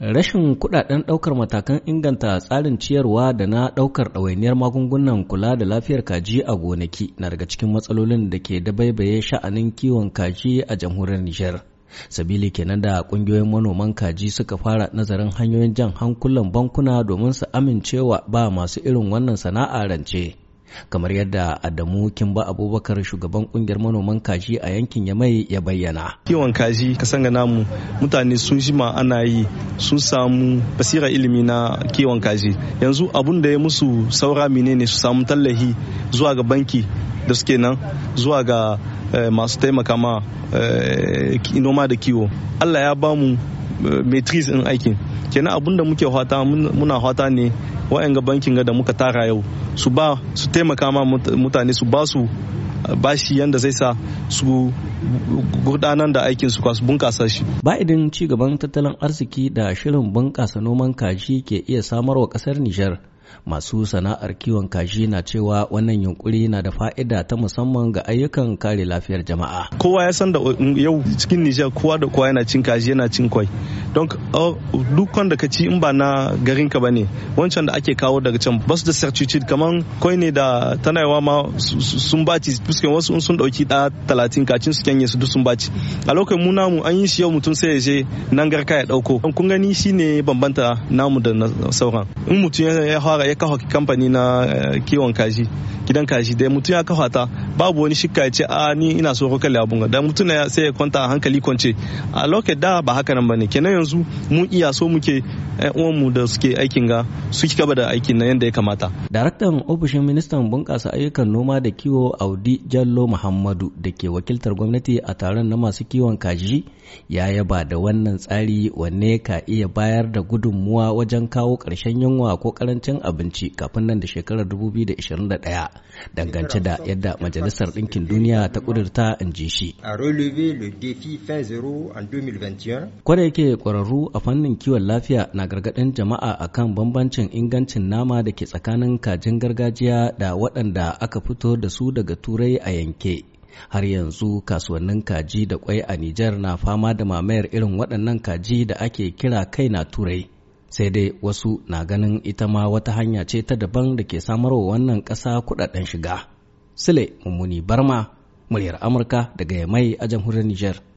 Rashin kudaden ɗaukar matakan inganta tsarin ciyarwa da na ɗaukar ɗawainiyar magungunan kula da lafiyar kaji a gonaki na daga cikin matsalolin da ke dabaibaye sha'anin kiwon kaji a jamhuriyar Nijar. Sabili kenan da ƙungiyoyin manoman kaji suka fara nazarin hanyoyin jan hankulan bankuna domin su amincewa ba masu irin wannan sana'a rance. kamar yadda Adamu Kimba Abubakar shugaban kungiyar manoman kaji a yankin Yamai ya bayyana. Kiwon kaji ka sanga namu mutane sun ma ana yi sun samu basira ilimi na kiwon kaji yanzu abun da ya musu saura menene su samu tallahi zuwa ga banki da suke nan zuwa ga eh, masu taimaka ma eh, noma da kiwo. Allah ya bamu Eh, maitris in aikin kenan abun da muke hata muna hata ne wa'anga bankin ga da muka tara yau su ba su taimaka ma mutane su ba su eh, bashi yanda zai sa su gudanar da aikin su kwasu bunkasa shi. Ba'idin ci gaban tattalin arziki da shirin bunkasa noman kaji ke iya samarwa kasar Nijar masu sana'ar kiwon kaji na cewa wannan yunkuri na da fa'ida ta musamman ga ayyukan kare lafiyar jama'a kowa ya san da uh, mm, yau cikin nijar kowa da kowa yana cin kaji yana cin kwai don uh, dukkan da ka ci in ba na garin ka ne wancan da ake kawo daga can basu da certitude kaman kwai ne da tanayawa ma sun baci fuskan wasu sun dauki da talatin kacin su kyanye su duk sun baci a lokacin mu namu an yi shi yau mutum sai ya je nan garka ya dauko kun gani ne bambanta namu da sauran in mutum ya fara fara ya kafa kamfani na eh, kiwon kaji gidan kaji da mutum ya kafa ta babu wani shikka ya ce a ah, ni ina so kokali abun ga dan mutum sai ya kwanta hankali kwance a lokacin da ba haka nan bane kenan yanzu mun iya so muke mu da suke aikin ga su ki gaba da aikin na yadda ya kamata. Daraktan ofishin ministan bunƙasa ayyukan noma da kiwo Audi Jallo Muhammadu da ke wakiltar gwamnati a taron na masu kiwon kaji ya yaba da wannan tsari wanne ka iya bayar da gudunmuwa wajen kawo ƙarshen yunwa ko ƙarancin abinci kafin nan da shekarar 2021 dangance da yadda majalisar ɗinkin duniya ta kudurta in ji shi. Kwada yake kwararru a fannin kiwon lafiya na gargaɗin jama'a akan bambancin ingancin nama da ke tsakanin kajin gargajiya da waɗanda aka fito da su daga turai a yanke. har yanzu kasuwannin kaji da kwai a Nijar na fama da mamayar irin waɗannan kaji da ake kira kai na turai. sai dai wasu na ganin ita ma wata hanya ce ta daban da ke samar wa wannan ƙasa kuɗaɗen shiga. Sule Mummuni Barma, muryar Amurka daga Yamai a jamhuriyar Nijar.